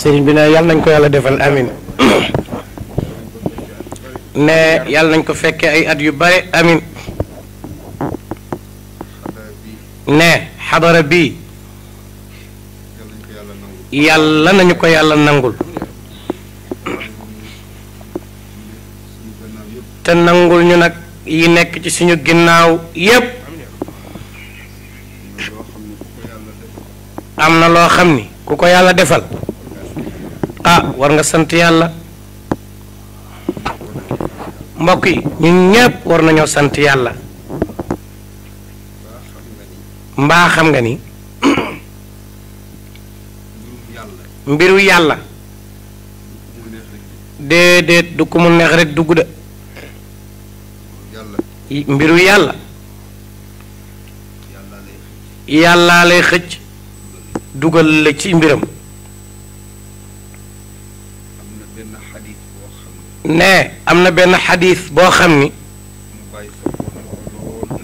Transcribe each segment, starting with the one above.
sëriñ bi ne yàlla nañ ko yàlla defal amin ne yàlla nañ ko fekkee ay at yu bare amin ne xadara bii yàlla nañu ko yàlla nangul te nangul ñu nag yi nekk ci suñu ginnaaw yépp am na loo xam ni ku ko yàlla defal ah war nga sant yalla mbokk yi ñun ñepp war nañu sant yalla mba xam nga ni mbiru du ko mu neex rek dugg de mbiru yalla yalla lay xëcc dugal la ci mbiram ne am na benn xadis boo xam ni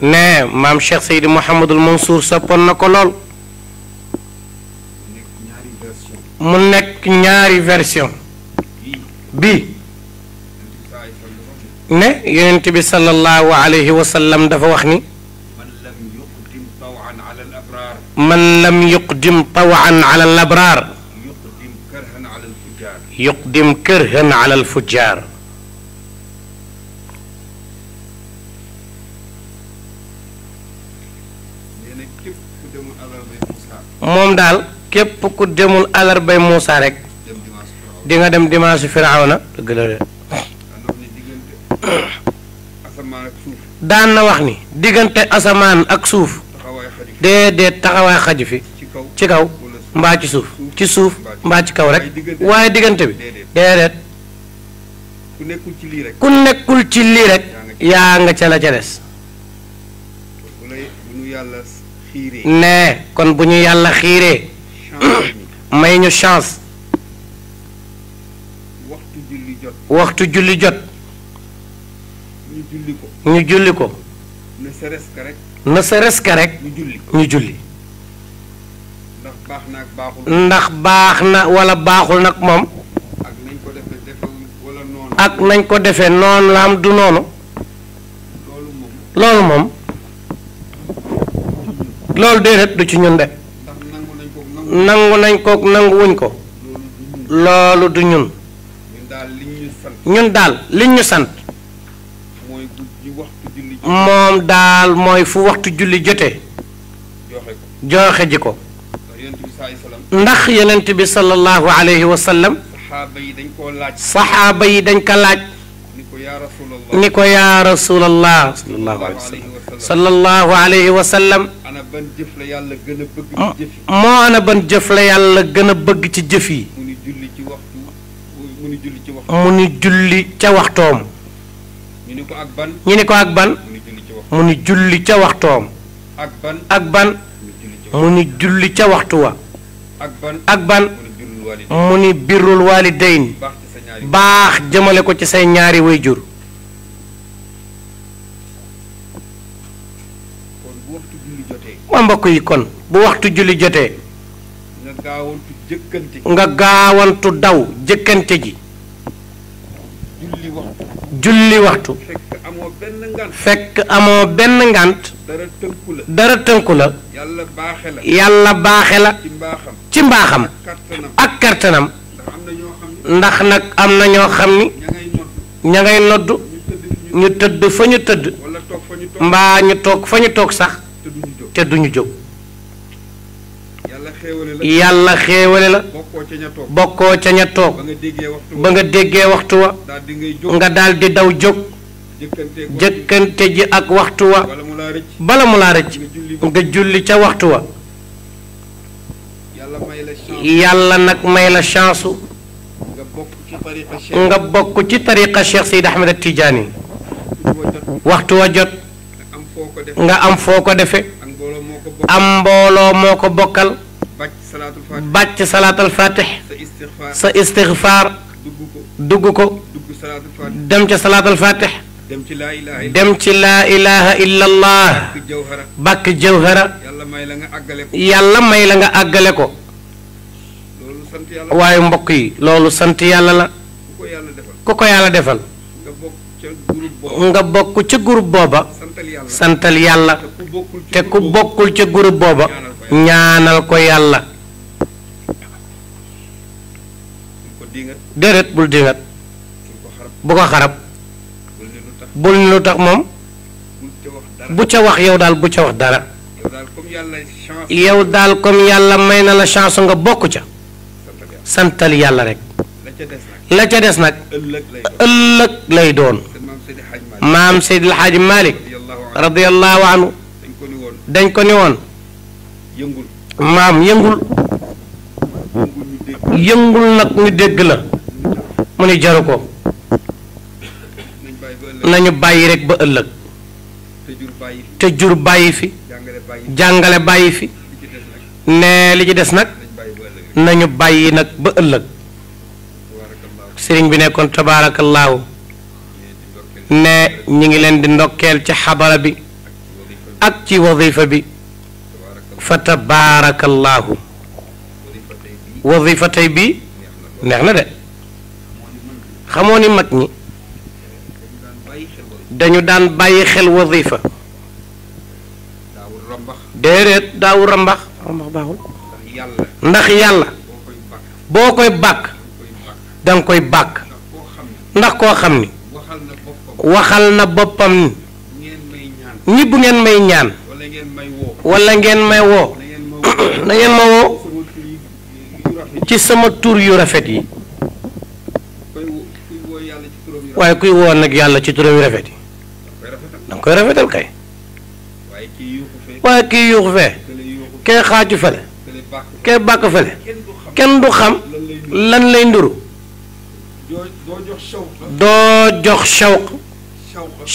ne maam Cheikh Seydi Mouhamadul Mansour soppoon na ko lool mu nekk ñaari version bi ne yonent bi sallallahu alayhi wa sallam dafa wax ni man lam yuqdim tawan ala al abraar يقدم كره على الفجار موم دال كيب كو ديمول الار بي موسى رك ديغا ديم ديماس فرعون دغلا دان نا واخني ديغنت اسمان اك سوف دي دي تخاوي خاجفي تي كاو مبا تي سوف ci suuf mbaa ci kaw rek waaye diggante bi déedéet ku nekkul ci lii rek yaa nga ca la ca des nee kon bu ñu yàlla xiiree may ñu chance waxtu julli jot ñu julli ko ne seres ka rek ñu julli ndax baax na wala baaxul nag moom ak nañ ko defee noonu la am du noonu loolu moom loolu déedéet du ci ñun de nangu nañ ko nanguwuñ ko loolu du ñun ñun daal liñ ñu sant moom daal mooy fu waxtu julli jotee joxe ji ko ndax yonent bi sallallahu alayhi wa sallam sahaba yi dañ ko laaj saxaaba yi dañ ko laaj ni ko yaa rasulallah sallallahu alayhi wa sallam ana ban jëf la yàlla gën a ci jëf yi ana ban jëf la yàlla gën a bëgg ci jëf yi mu ni julli ci waxtu mu ni julli ci waxtu mu ni julli ca waxtoom ñu ko ak ban ñu ko ak ban mu ni julli ci waxtom ak ban ak ban mu ni julli ci waxtu wa ak ban mu ni birrul waalidayn baax jëmale ko ci say ñaari wayjur waa mbokk yi kon bu waxtu julli jotee nga gaawantu daw jëkkante ji julli waxtu fekk amoo benn ngant dara tënku la yàlla baaxe la ci mbaxam ak kartanam ndax nak amna ño xamni ni ña ngay noddu ñu tedd fa ñu tedd mba ñu tok fa ñu tok sax te duñu jog yalla xewale la bokko ca ña tok ba nga waxtu wa nga dal di daw jog jëkkante ji ak waxtu wa bala mu la rëcc nga julli ca waxtu wa yàlla nag may la chance nga bokk ci tariqa Cheikh Seydi Ahmed Tidiane waxtu wa jot nga am foo ko defee am mbooloo moo ko bokkal bàcc salaatal fatih sa istixfaar dugg ko dem ca salaatal fatih dem ci laa ilaha illa allah bàkk jawhara yàlla may la nga àggale ko waaye mbokk yi loolu sant yàlla la ku ko yàlla defal nga bokk ca groupe booba santal yàlla te ku bokkul ca groupe booba ñaanal ko yàlla déedéet bul dingat bu ko xarab bul ni tax moom bu ca wax yow daal bu ca wax dara yow daal comme yàlla may na la chance nga bokk ca santal yàlla rek la ca des nag ëllëg lay doon maam Seydil Xaaji Malik radiyallahu anhu dañ ko ni woon maam yëngul yëngul nag ñu dégg la mu ni jaru ko nañu bàyyi rek ba ëllëg te bàyyi fi jàngale bàyyi fi ne li ci des nag nañu bàyyi nag ba ëllëg sëriñ bi nekkoon tabaarakallaahu ne ñi ngi leen di ndokkeel ci xabara bi ak ci wazifa bi fa tabaarakallaahu wazifa tey bii neex na de xamoo ni mag ñi dañu daan bàyyi xel wazifa déedéet daawu rambax rambax baaxul ndax yàlla boo koy bàkk danga koy bàkk ndax koo xam ni waxal na boppam ni ni ngeen may ñaan wala ngeen may woo na ngeen woo ci sama tur yu rafet yi waaye kuy woo nag yàlla ci turam yu rafet yi danga koy rafetal kay waaye kii yuuxu fee kee xaaju fele كيف باك فلي كين دو خام لان لاي ندرو دو جوخ شوق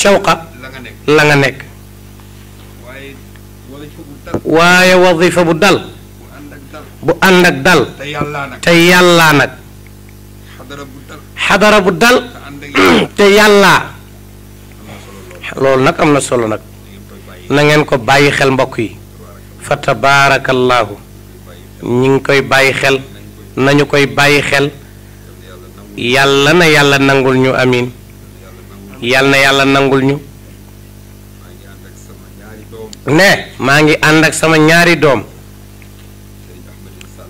شوق لاغا نيك واي وظيفه بو دال بو اندك دال تا يالا نك حضر بو دال تا يالا لول نك امنا سولو نك نانين كو باي خيل مبوكي فتبارك الله ñi ngi koy bàyyi xel nañu koy bàyyi xel yàlla na yàlla nangul ñu amin yàlla na yàlla nangul ñu ne maa ngi ànd ak sama ñaari doom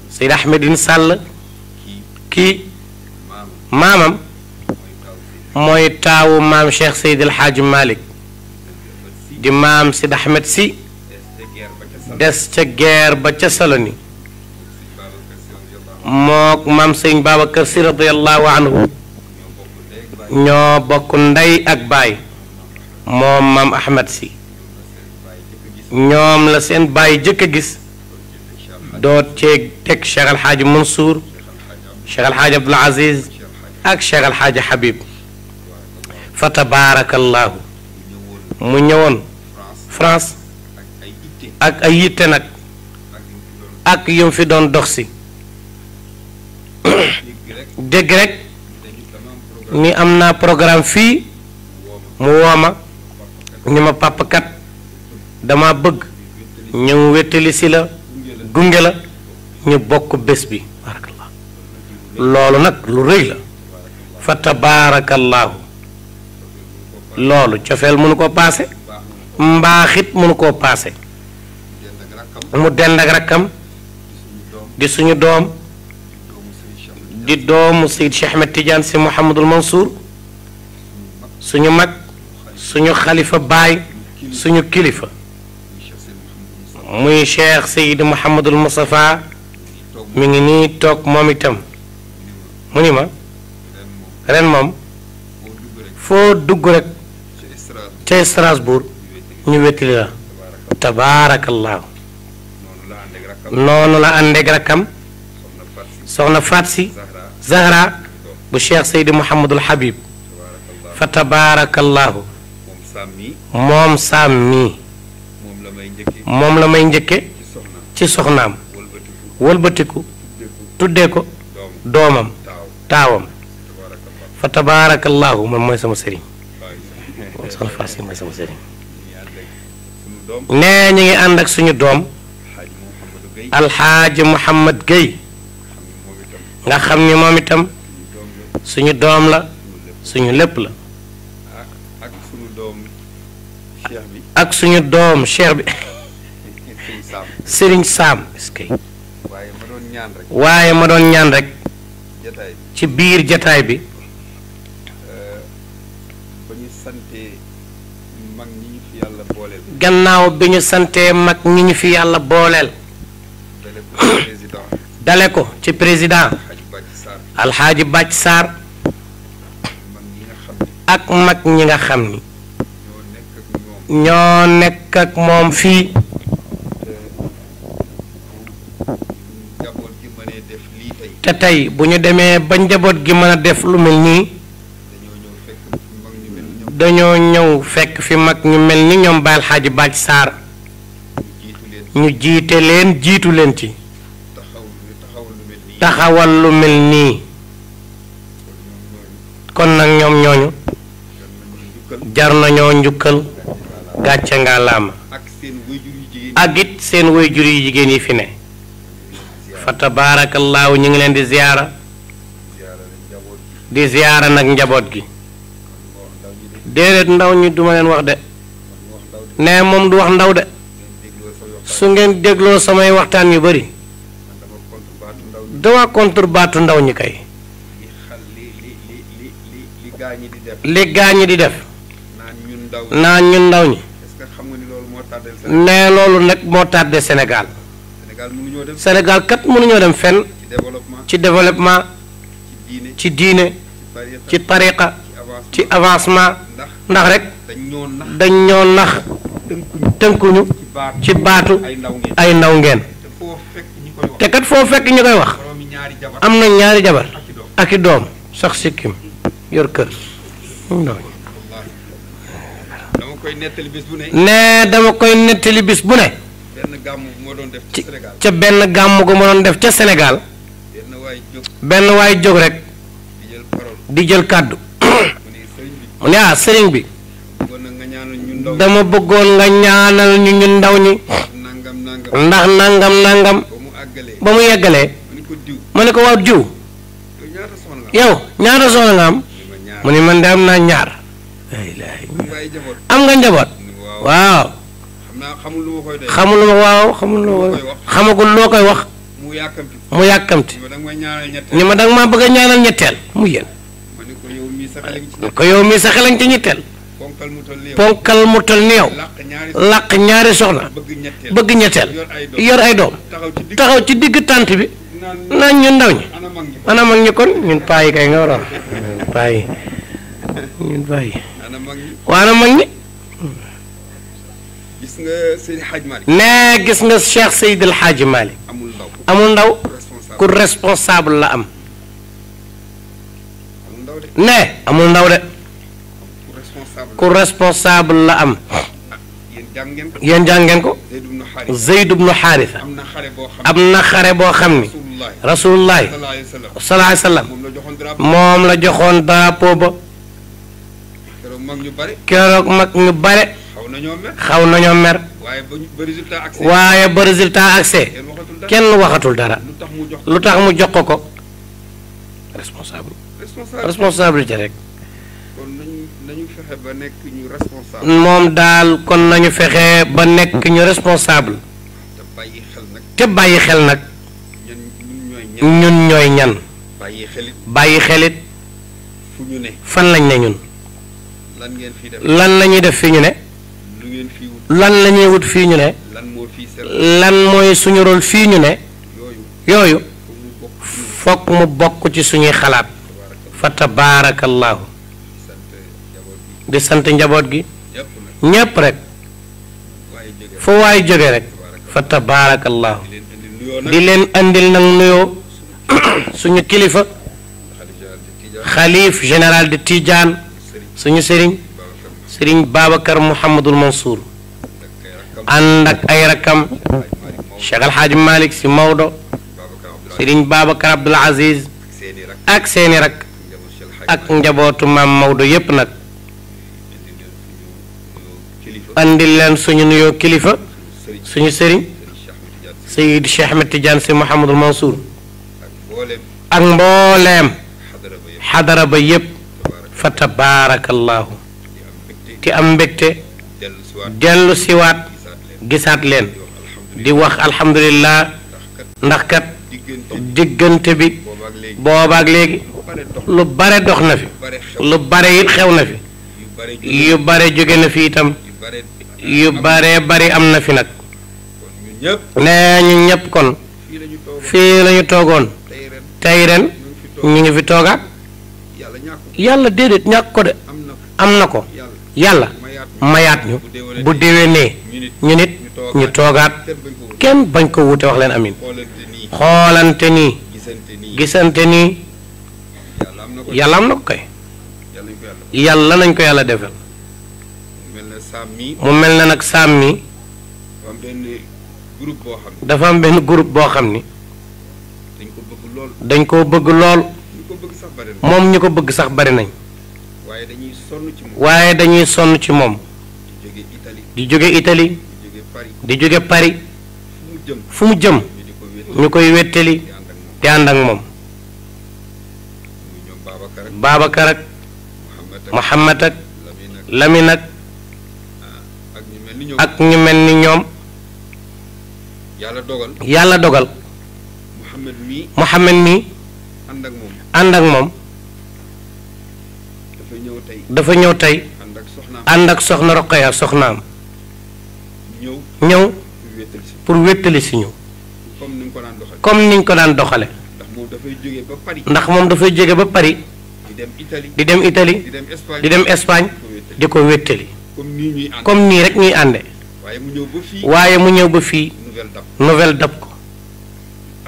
seyd ahmedin sàll ki maamam mooy taawu maam cheikh seyd alxaaji malik di maam seyd ahmed si des ca guerre ba ca saloni mook maam sëñ Babacar si radiallahu anhu ñoo bokk ndey ak baay moom maam Ahmed si ñoom la seen baay jëkk a gis doot cee teg Cheikh El Hadj Mansour Cheikh El Hadj Abdoul Aziz ak Cheikh El Hadj Habib fa tabaarakallahu mu ñëwoon France ak ay yitte nag ak yum fi doon dox si deg rek ni amna programme fi mu wooma ni ma papa kat dama bëgg ñu wétali si la gungé la ñu bokk bës bi barakallah loolu nak lu reuy la fa tabarakallah loolu ciofel mënu ko passé mbaxit mënu ko passé mu dend ak rakam di suñu dom di doomu Seyd Cheikh Ahmed Tidiane si Mouhamadul Mansour suñu mag suñu xalifa baay suñu kilifa muy Cheikh Seyd Mouhamadul Moustapha mi ngi nii toog moom itam mu ni ma ren moom foo dugg rek ca Strasbourg ñu wettili la tabaarakallahu noonu la àndeeg rakkam soxna Faat si زهرة بشيخ سيد محمد الحبيب فتبارك الله موم سامي موم لما ينجكي تي سخنام ولبتكو تدكو دومم تاوم فتبارك الله من موسى مسرين وصل فاسي ميسا مسرين ne ñi ngi and ak suñu doom alhaj محمد gay nga xam ni moom itam suñu doom la suñu lépp la ak suñu doom cheikh bi sëriñ saam waaye ma doon ñaan rek ci biir jataay bi gannaaw bi ñu santee mag ñi ñu fi yàlla booleel dale ko ci président alxaaji bàcc saar ak mag ñi nga xam ni ñoo nekk ak moom fii te tey bu ñu demee ba njaboot gi mën a def lu mel nii dañoo ñëw fekk fi mag ñu mel ni ñoom ba alxaaji bàcc saar ñu jiite leen jiitu leen ci taxawal lu mel nii kon nag ñoom ñooñu jar nañoo njukkal gàcce nga laama ak seen waajur yu jigéen yi fi ne fa tabaarakallaahu ñu ngi leen di ziyaara di ziyaara nag njaboot gi déedéet ndaw ñi duma leen wax de nee moom du wax ndaw de su ngeen dégloo samay waxtaan yu bari dawa kontur batun ndaw ñi kay li gañi di def naan ñun ndaw ñi ne lolu nak mo tardé Sénégal Sénégal kat ñoo dem fenn ci développement ci diiné ci tariqa ci avancement ndax rek dañ ñoo nax tënkuñu ci baatu ay ndaw ngeen te kat foo fekk ñi koy wax am na ñaari jabar ak doom sax sikkim yor kër ne dama koy netali bis bu ne ca benn gàmm gu ma doon def ca Sénégal benn waay jóg rek di jël kàddu mu ne ah sëriñ bi dama bëggoon nga ñaanal ñu ñu ndaw ñi ndax nangam nangam ba mu yeggalee mané ko waaw diw yow ñaara soxna nga am mu man de am naa ñaar am nga njabot waw xamul lu koy waaw xamul lu ma xamagul loo koy wax mu yakamti, ni ma danga ma bëgg ñaanal ñettel mu yeen ko yow mi sa xelañ ci ñettel ponkal mu tol neew lak ñaari soxna bëgg ñettel yor ay doom taxaw ci digg tante bi naan ñun ndaw ñi ana mag ñi kon ñun paa kay nga waroon paa yi mag ñi nee gis nga Cheikh Seydi El Hadji amul ndaw ku responsable la am nee amul ndaw de ku responsable la am ah, yéen jàngeen ko Zeyd ibnu Xaarisa am na xare boo xam ni rasulullahi salaay salaam moom la joxoon drapeau ba keroog mag ñu bare xaw nañoo mer waaye ba résultat accès kenn waxatul dara lu tax mu jox ko ko responsable responsabilité moom daal kon nañu fexe ba nekk ñu responsable te bàyyi xel nag ñun ñooy ñan bàyyi xelit fan lañ ne ñun lan lañuy def fi ñu ne lan la ñuy wut fii ñu ne lan mooy suñu rôle fii ñu ne yooyu fokk mu bokk ci suñuy xalaat fa tabaarakallaahu di sant njaboot gi ñépp rek fu waay jóge rek fa tabaarakallaahu di leen andil nag nuyoo suñu kilifa xalif général de Tidiane suñu sëriñ sëriñ Babacar Mouhamadul Mansour ànd ak ay rakam Cheikh El Hadj Malick si Maodo sëriñ Babacar Abdoul Aziz ak seeni rak ak njabootu maam Maodo yépp nag andil leen suñu nuyoo kilifa suñu sëriñ Seyyid Cheikh Ahmed Tidiane si Mouhamadul Mansour ak mbooleem xadara ba yépp fa tabaarakallaahu ti am mbégte dellu siwaat gisaat leen di wax alhamdulillah ndaxkat kat diggante bi boobaak léegi lu bare dox na fi lu bare it xew na fi yu bare jóge na fi itam yu bare bari am na fi nag nee ñu ñépp kon fii lañu toogoon tey ren ñu ngi fi toogaat yàlla déedéet ñàkk ko de am na ko yàlla mayaat ñu bu déwénee ñu nit ñu toogaat kenn bañ ko wuute wax leen amin xoolante nii gisante nii yàlla am na ko kay yàlla nañ ko yàlla defal mu mel na nag saam mi dafa am benn groupe boo xam ni dañ koo bëgg lool moom ñu ko bëgg sax bari nañ waaye dañuy sonn ci moom di jóge itali di jóge pari fu mu jëm ñu koy wéttali di ànd ak moom Babacar ak Mouhamad ak Lamine ak ah, ak ñu mel ni ñoom yàlla dogal. Muhammad mi ànd ak moom dafa ñëw tey ànd ak soxna Roqaya soxnaam ñëw pour wéttali si ñu comme niñ ko daan doxale ndax moom dafay jóge ba Paris di dem Italie di dem Espagne di ko comme rek ñuy mu ba nouvelle ko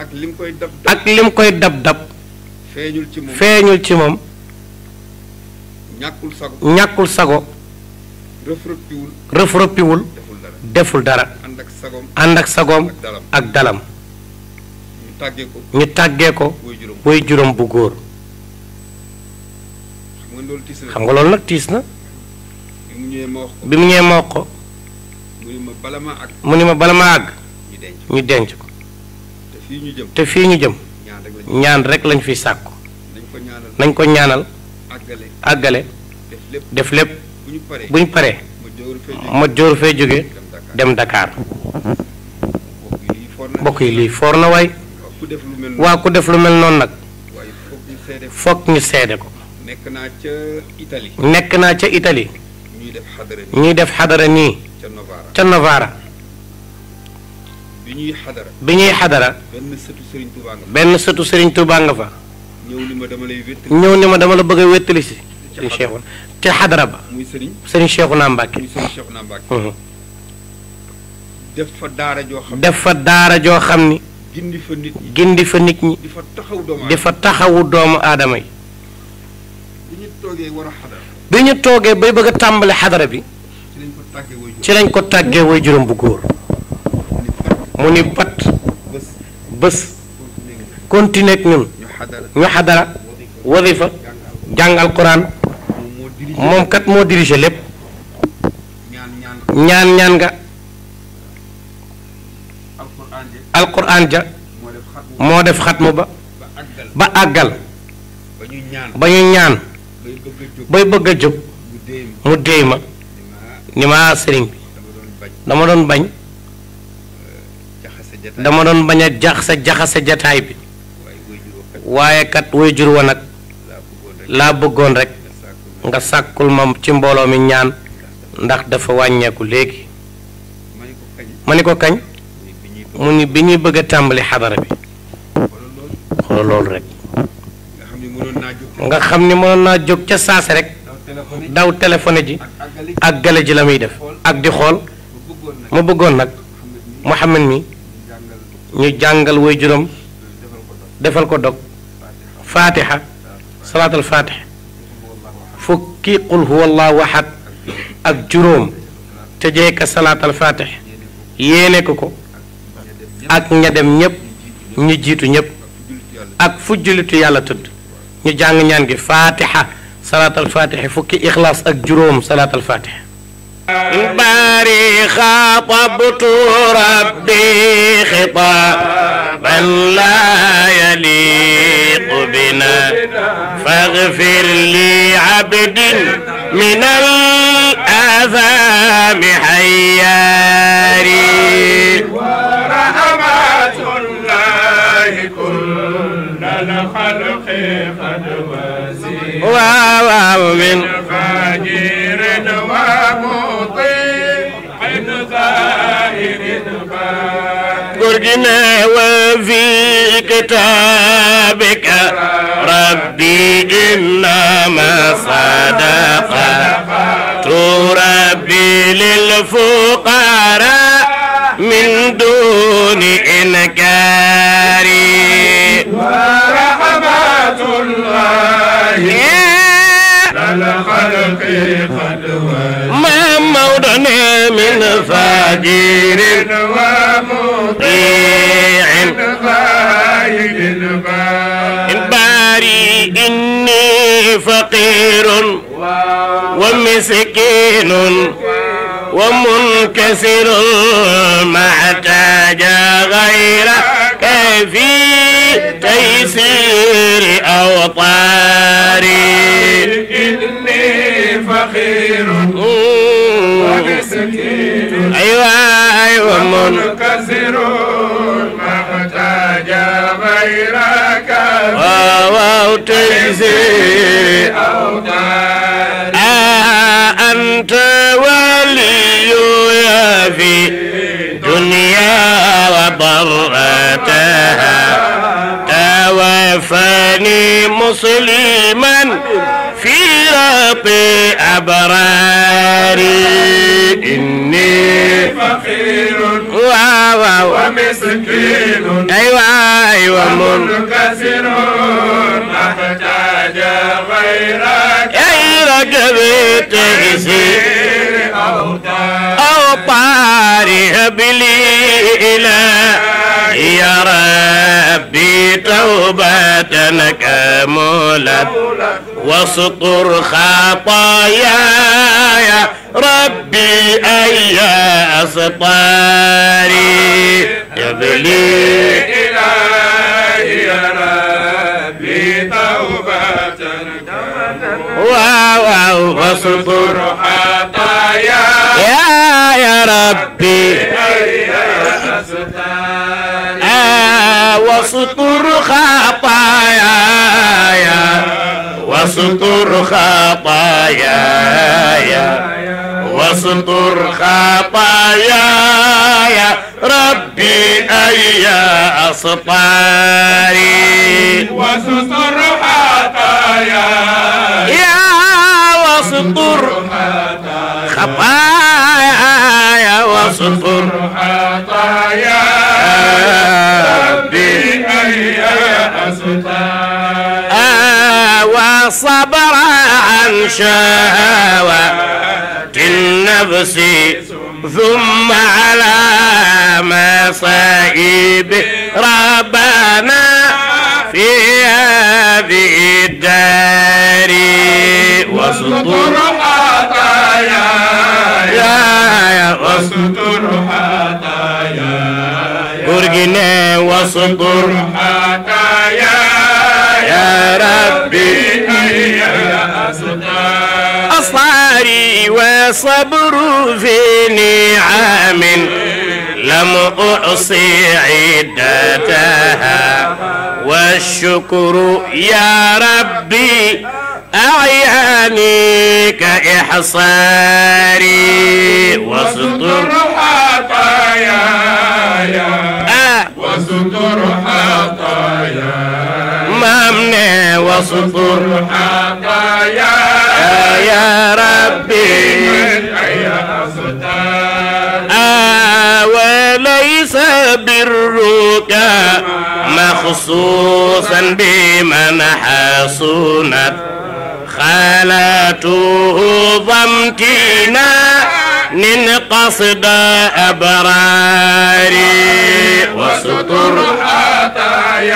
ak lim koy dab dab ak lim koy dab dab. feeñul ci moom ci moom. ñàkkul sago ñàkkul sago. deful dara. ànd ak sagoom ak dalam. ñu tàggee ko ñu tàggee ko. booy juróom bu góor. xam nga loolu nag tiis na. bi mu ñëwee ma wax ko. mu ni ma bala ma àgg. ñu denc ko. te fii ñu jëm ñaan rek lañ fiy sàkku nañ ko ñaanal àggale def lépp bu ñu paree ma jóoru fee jóge dem Dakar mbokk yi lii foor na waay waa ku def lu mel noonu nag foog ñu seede ko nekk naa ca Italie ñuy def xadara nii ca Novara bi ñuy xadara. bi ñuy xadara. benn sëtu Serigne Touba nga fa. benn ni ma dama la bëgg a wéttali si. Serigne Cheikhouna ca xadara ba. muy Serigne Serigne def fa daara joo xam. ni. gindi fa nit ñi di fa taxawu doomu aadama di fa taxawu doomu aadama yi. bi ñu toogee a bay bëgg tàmbali xadara bi. ci lañ ko tàggee way juróom bu góor. mu ni pat bés continuer ak ñun ñu xadara wadifa jàng alquran mom kat moo dirigé lépp ñaan ñaan nga alquran ja mo def xatmu ba ba agal ba ñu ñaan bay bëgg a mu ni ma sëriñ dama doon bañ dama doon bañ a jax sa jaxase jataay bi waaye kat wayjur wa nag laa bëggoon rek nga sàkkul ma ci mbooloo mi ñaan ndax dafa wàññeeku léegi ma ni ko kañ mu ni bi ñuy bëgg a tàmbali bi rek nga xam ni mënoon naa jóg ca saase rek daw téléphone ji ak gale ji la def ak di xool bëggoon nag mohammed mi ñu jàngal woy juróom defal ko dog faatiha salaatal faatiha fukki qul huwa allahu ak juróom te jeeka salaatal faatiha yéene ko ko ak ña dem ñépp ñu jiitu ñépp ak fu yàlla tudd ñu jàng ñaan gi faatiha salaatal faatiha fukki ixlaas ak juróom salaatal faatiha باري خاطبت ربي خطابا لا يليق بنا فاغفر لي عبد من الآثام حياري ورحمات الله كل الخلق قد وزير ومن فاجر ومؤمن وجدنا وفي كتابك ربي إنما صدقة تربي للفقراء من دون إنكار ورحمات الله للخلق قد ما مودنا من فقير إني فقير ومسكين ومنكسر ما احتاج غيرك في تيسير أوطاري إني فقير ومسكين أيوة أيوة منكسر أنت ولي يا في دنيا وضرتها توفني مسلما أوساط أبراري إني فقير ومسكين أيوة أيوة منكسر أحتاج غيرك غيرك بتغسير أو طارئ بلي يا ربي توبة كاملة واستر خطاياي يا ربي أي أسطاري بلي إلهي يا ربي توبة كاملة واستر خطاياي يا ربي أي أسطاري wasutur khapaya ya wasutur khapaya ya wasutur khapaya ya rabbi ayya asfari wasutur khapaya ya wasutur khapaya ya wasutur khapaya الصبر عن شهوة النفس ثم على مصائب ربنا في هذه الدار يا يا وسطر خطاياي قرقنا وسطر خطاياي يا رب الصبر في نعام لم أعصي عدتها والشكر يا ربي أعياني كإحصاري واستر حطايا آه. واستر حطايا ممنع واستر حطايا آه يا ربي برك مخصوصا بمن حصنت خالته ضمتنا من قصد أبراري وستر حطايا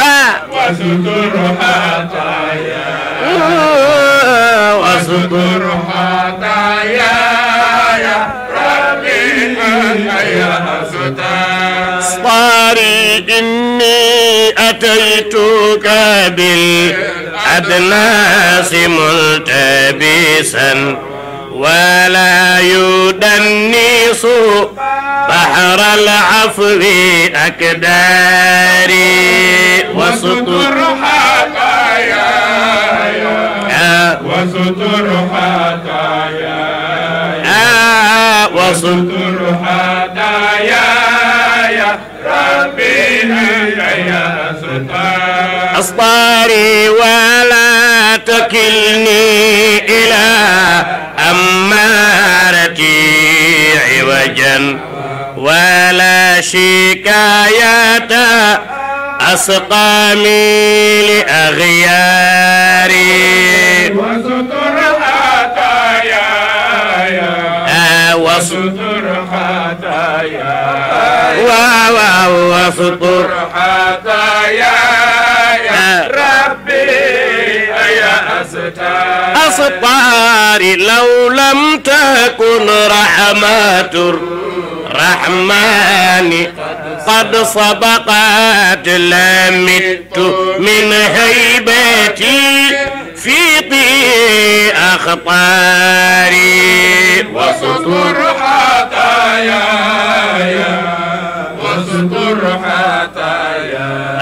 آه. وستر حطايا آه. وستر حطايا عمري إني أتيتك بالأدناس ملتبسا ولا يدنس بحر العفو أكداري وستر حكايا وستر حكايا وستر حكايا أصطاري ولا تكلني إلى أمارتي عوجا ولا شكاية أسقامي لأغياري آه، وستر خطايا وستر خطايا واو فطر يا ربي يا أستار أسطار لو لم تكن رحمة الرحمن قد سبقت لمت من هيبتي في طي أخطاري وستر حطاياي خطايا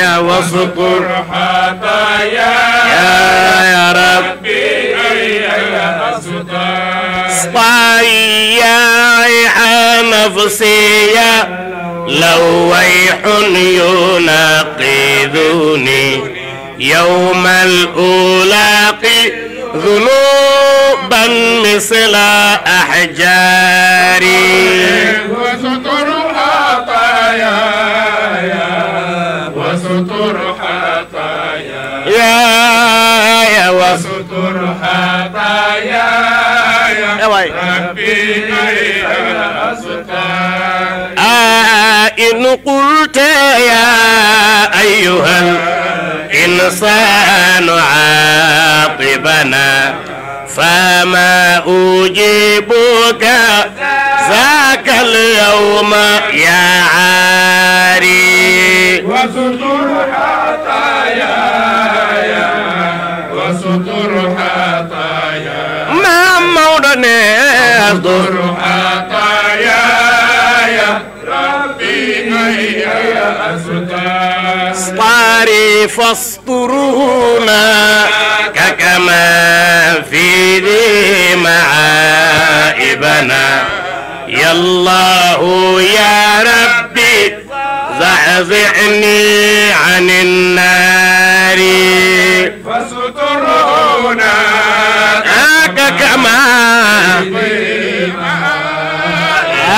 يا واذكر خطايا يا ربي يا صايع نفسي لويح يناقضني يوم الأولاق ذنوبا مثل أحجاري خطاياي وستر يا وستر خطاياي ربي أستر إن قلت يا أيها الإنسان عاقبنا فما أجيبك ذاك اليوم يا عاري وستر حطايا وستر حطايا ما مولانا وستر حطايا ربي هيا أستار فاسطرونا كما في ذي معائبنا يا الله يا ربي زعزعني عن النار فسترونا هاك كما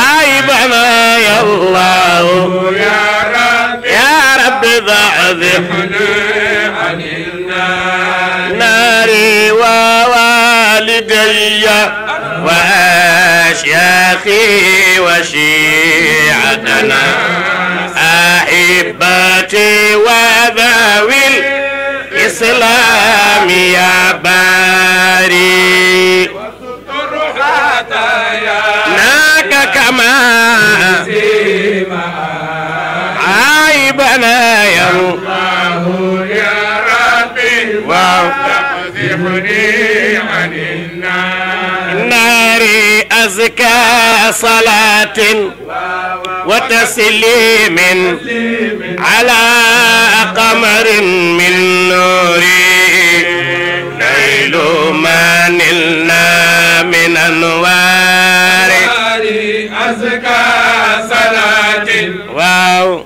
عيبنا يا الله يا ربي زعزعني وأشياخي وشيعتنا أحبتي وذوي الإسلام يا باري ناك كما عيبنا يا الله يا ربي وافتح أزكى صلاة وتسليم على قمر من نور نيل ما نلنا من أنوار أزكى صلاة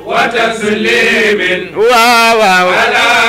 وتسليم واو واو على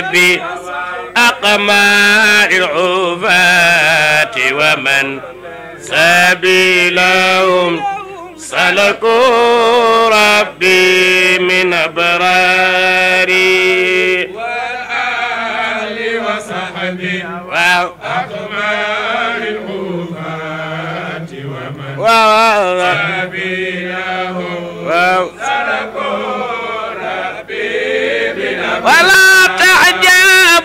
بأقماع العفاة ومن سبيلهم سلكوا ربي من أبراري والآل وصحبي وأقماع العفاة ومن سبيلهم سلكوا ربي من أبراري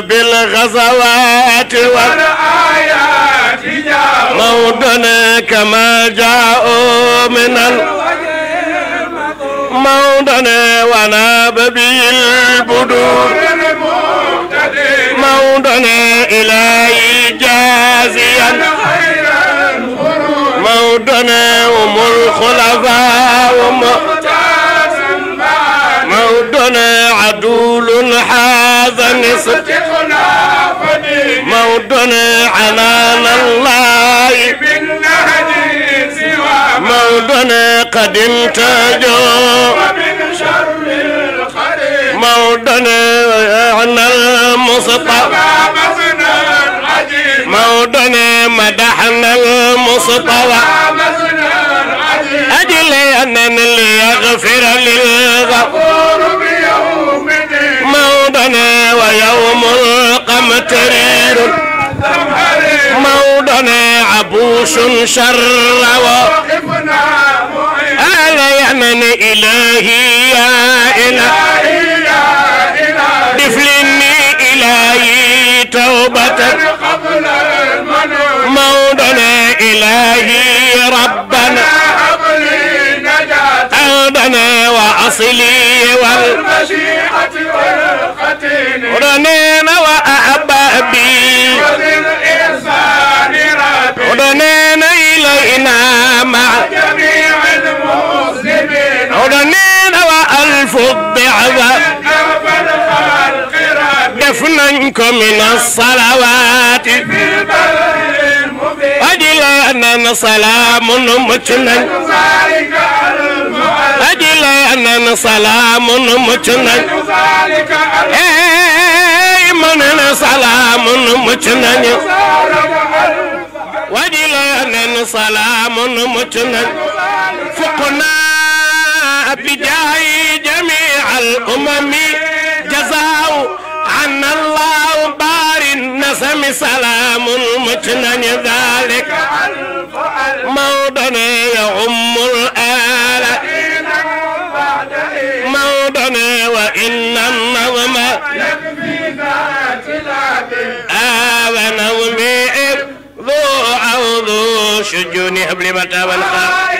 بالغزوات والآيات موضنا كما جاءوا من وانا ببي بالبدور موضنا إلهي جازيا موضنا أم الخلفاء موضنا عدول حاكم هذا صدقنا موت على الله موت قد انتجوا ومن شر القريب موت على المصطفى مودنا مدحنا المصطفى أجل أن ليغفر للغفور ويوم القمترير مودنا عبوس شر وقفنا آل يمن إلهي يا إلهي دفلني إلهي توبة مودنا إلهي ربنا رني وأصلي والمشيحة والختين رنين وأحبابي وبالإحسان ربي رنين إلينا مع جميع المسلمين رنين وألف الضعفاء دفنكم من الصلوات في البلد أجل سلام مجنا أجل أننا سلام مجنا أي مننا سلام مجنا وجل أننا سلام مجنا فقنا بجاه جميع الأمم جزاء القاسم سلام مجنن ذلك موضنا يعم الآل موضنا وإن النظم آل نظمي ذو عوض شجوني هب متى والخاف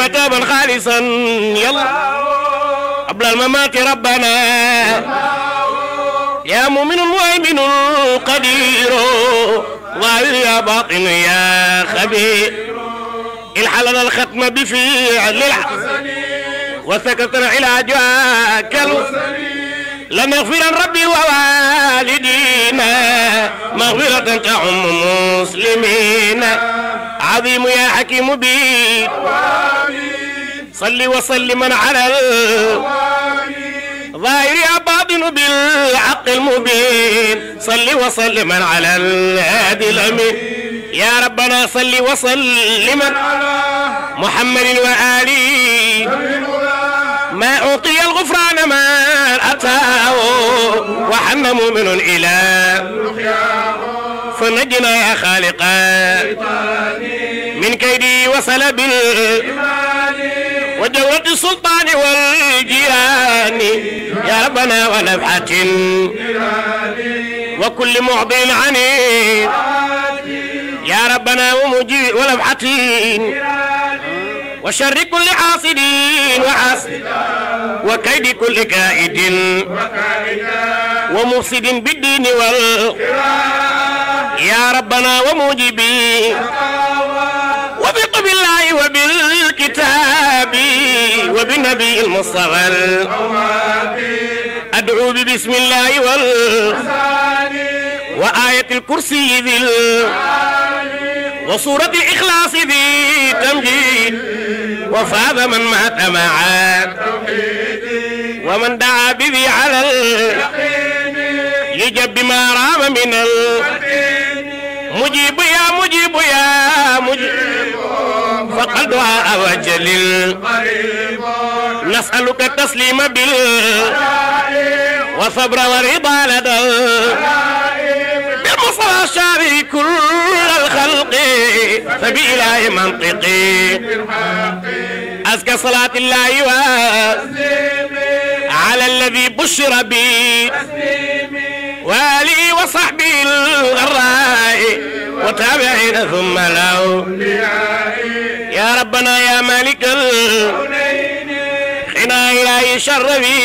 ثم تابا خالصا يلا قبل الممات ربنا يا مؤمن مؤمن قدير ظاهر يا باطن يا خبير الحلل الختم بفعل وسكت العلاج واكل لنغفر ربي ووالدينا مغفرة تعم مسلمين عظيم يا حكيم بي صل وسلم على ظاهر باطن بالحق المبين صل وسلم على الهادي الامين يا ربنا صل وسلم على محمد وآله ما أعطي الغفران ما أتاه وحن مؤمن إلى فنجنا يا خالقا من كيدي وصل بالإيمان ودولة السلطان والجيان يا ربنا ونفحة وكل معضل عنيد يا ربنا ومجيء ولفحة وشر كل حاصدين وحاسد وكيد كل كائد ومفسد بالدين وال يا ربنا ومجيبين بالله وبالكتاب وبالنبي المصطفى أدعو بسم الله والسلام وآية الكرسي ذي وصورة الإخلاص ذي تمجيد وفاض من مات معاد ومن دعا بذي على اليقين يجب بما رام من مجيب يا مجيب يا مجيب وقد دعاء وجل نسألك التسليم بال وصبر ورضا لدى بالمصطفى الشاري كل الخلق فبإله منطقي أزكى صلاة الله و على الذي بشر بي والي وصحبي الغراء وتابعين ثم لو يا ربنا يا مالك قنا إلهي شربي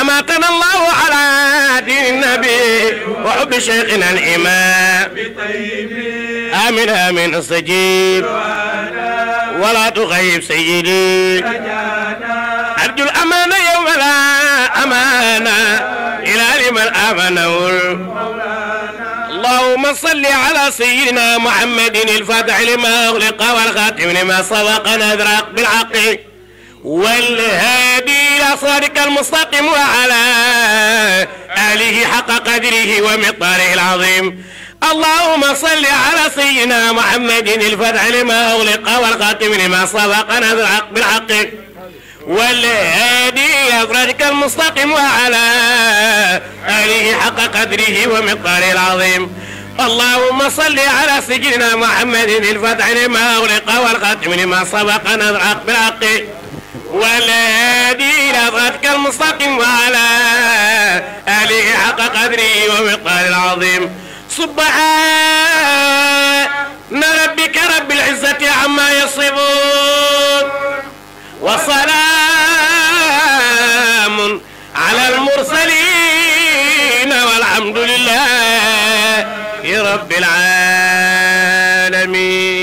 أماتنا الله على دين النبي وحب شيخنا الإمام آمين آمين استجيب ولا تغيب سيدي أرجو الأمانة يوم لا أمانة إلى لمن آمنه اللهم صل على سيدنا محمد الفاتح لما أغلق والخاتم لما سبق نذرق بالحق والهادي إلى صادق المستقيم وعلى آله حق قدره ومقداره العظيم اللهم صل على سيدنا محمد الفتح لما أغلق والخاتم لما سبق الحق بالحق والهادي إلى صادق المستقيم وعلى آله حق قدره ومقداره العظيم اللهم صل على سيدنا محمد الفتح لما أغلق والختم لما سبق نزعق بالحق والذي لفظتك المستقيم وعلى آله حق قدره ومقال العظيم سبحان ربك رب العزة عما يصفون وسلام على المرسلين والحمد لله رب العالمين